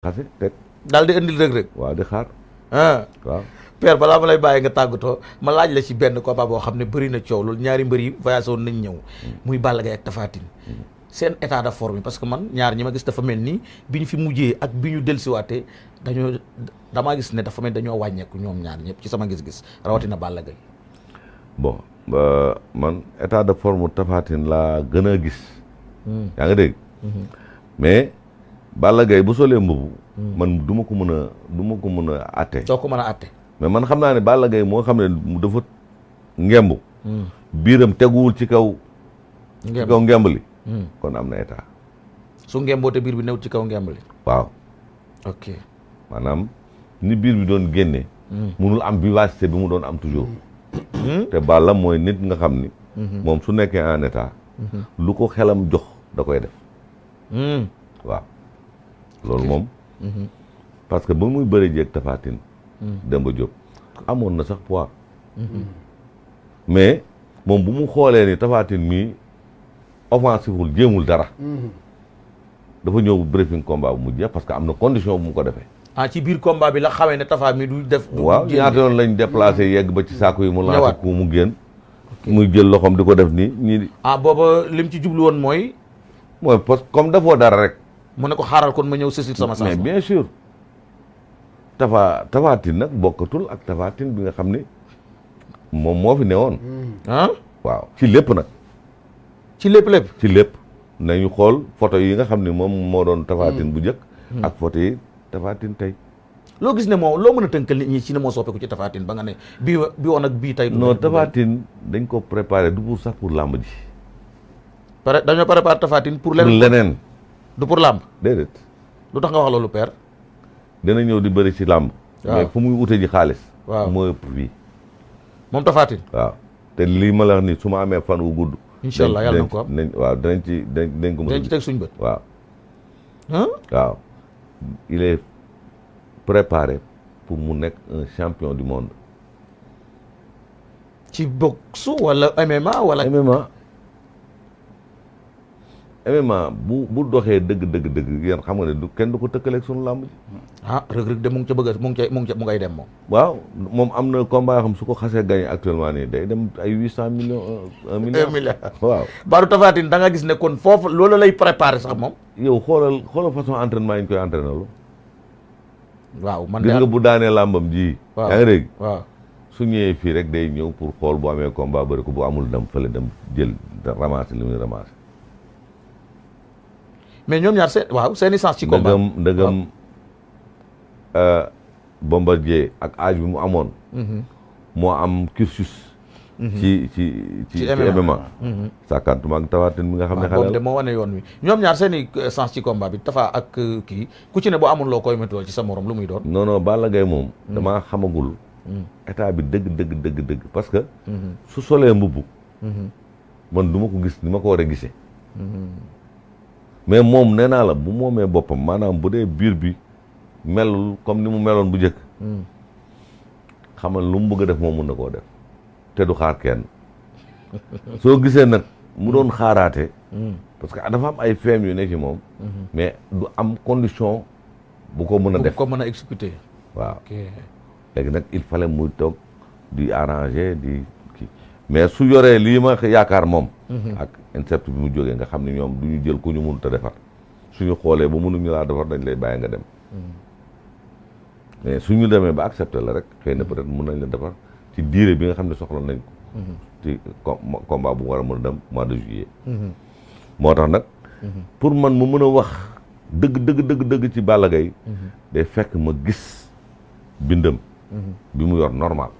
xase teg daal di indil rëg-rëg waaw di xaar ah waaw balaa ma lay bàyyi nga tàggatoo ma laaj la ci benn combat boo xam ne bëri na coow loolu ñaari mbër yi voyage woon nañ ñëw mm. muy Balla Gaye ak Tapha mm. seen état de forme parce que man ñaar ñi ma gis dafa mel nii bi ñu fi mujjee ak bi ñu dellusiwaatee dañoo damaa gis ne dafa mel dañoo wàññeeku ñoom ñaar ñëpp ci sama gis-gis rawatina Balla Gaye bon man état de forme Tapha Tine laa gën a gis mm. yaa nga dégg mm-hmm. Balla Gaye bu solee mbubb hmm. man du ko mën a du ko mën a atte ko mën a atte mais man xam naa ne Balla moo xam ne mu dafa ngemb hmm. biiram teguwul ci kaw ci kaw li hmm. kon am na état biir bi new ci kaw ngemb li ni biir bi doon génne am vivacité bi mu doon am toujours mooy nit nga xam ni moom su nekkee en état lu ko xelam jox da koy def waaw loolu moom. Mhm. parce que ba muy bëri jeeg tafaatin. Mhm. Demba Diop amoon na sax poids. Mhm. mais moom bu mu xoolee ni tafaatin mii offensiful jéemul dara. dafa ñëw briefing combat bu mu jeex parce que am na condition bu mu ko defee. ah ci biir combat bi la xamee ne tafaa mi du def. waaw ñaata yoon lañ déplacé yegg ba ci saako yi mu. ñëwaat ku mu génn. muy jël loxoom di ko def nii ñii. ah booba lim ci jublu woon mooy. mooy parce que comme dafoo dara rek. mu ne ko xaaral kon ma ñëw sësit sama sens. mais bien sûr tafa tafaatin nag bokkatul ak tafaatin bi nga xam ni moom moo fi newoon. Hmm. waaw ci lépp nag. ci lépp lépp. ci lépp nañu xool photo yi nga xam ni moom moo doon tafaatin hmm. bu njëkk. Hmm. ak photo yi tafaatin tey. loo gis ne moo loo mën a tënkal nit ñi ci ne moo soppeeku ci tafaatin ba nga ne bii bi woon ak bii tey. non tafaatin dañ ko préparer du pour sax pour làmb ji. pare dañoo préparé tafaatin leneen. du pour làmb. déedéet. lu tax nga wax loolu père. dina ñëw di bëri si làmb. waaw fu muy ute ji xaalis. waaw moo ëpp fii. moom tafaatin. waaw te lii ma la nii su ma amee fan wu gudd. incha allah yàlla na ko am dinañ waaw dinañ ci dinañ ko. dinañ ci teg suñu bët waaw. il est préparé pour mu nekk un champion du monde. ci boxe wala MMA wala. MMA. MMA bu bu doxee dëgg dëgg dëgg yéen xam nga ne du kenn du ko tëkkaleeg sunu làmb ji. ah rëgg-rëgg de mu ngi ca bëgg a mu ngi ca mu ngi ca mu ngay dem moom. waaw moom am na combat yoo xam su ko xasee gagné actuellement nii day dem ay huit cent millions un milliard. un milliard waaw. Badou Tafatine da nga gis ne kon foofu loolu lay préparé sax moom. yow xoolal xoolal façon entraînement yi ñu koy entraîné lu. waaw man de gis nga bu daanee làmbam ji. waaw yaa ngi dégg waaw. su ñëwee fii rek day ñëw pour xool bu amee combat bëri ko bu amul dem fële dem jël ramasser li muy ramasser. mais ñoom ñaar seen waaw seen i sens ci combat euh, ak âge bi mu amoon mhm. moo am cursus mhm. ci ci ci MMA mhm. sàkkantuma ak tawaatin xam ne moo wane yoon wi ñoom ñaar seen i euh, sens ci combat bi Tapha euh, kii ku ci ne boo amul loo koy météo ci sa morom lu muy doon noonoo non Balla Gaye moom damaa xamagul état bi dëgg dëgg dëgg dëgg parce que su solee mbubb man du ma ko gis ni ma ko war a mais moom nee naa la bu moomee boppam maanaam bu dee biir bi melul comme ni mu meloon bu njëkk. Hmm. xamal lu mu bëgg a def moom mun na koo def te du xaar kenn soo gisee nag mu doon xaaraate. Hmm. parce que dafa am ay feem yu ne ci moom. Hmm. mais du am condition bu ko mën a def bu ko mën a exécuter. waaw léegi nag il fallait muy toog di arranger di kii. mais su yoree lii ma yaakaar moom. Mhm. ak incept bi mu jógee nga xam ne ñoom du ñu jël ku ñu mënut a defar suñu xoolee ba mënuñu laa defar dañ lay bàyyi nga dem. Mhm. mais suñu demee ba accepté la rek na peut-être mën nañ la defar ci diire bi nga xam ne soxla nañ ko. Mhm. ci combat bu war a mën a dem mois de juillet. moo tax nag. pour man mu mën a wax dëgg dëgg dëgg dëgg ci Balla gay day fekk ma gis bindam. bi mu yor normal.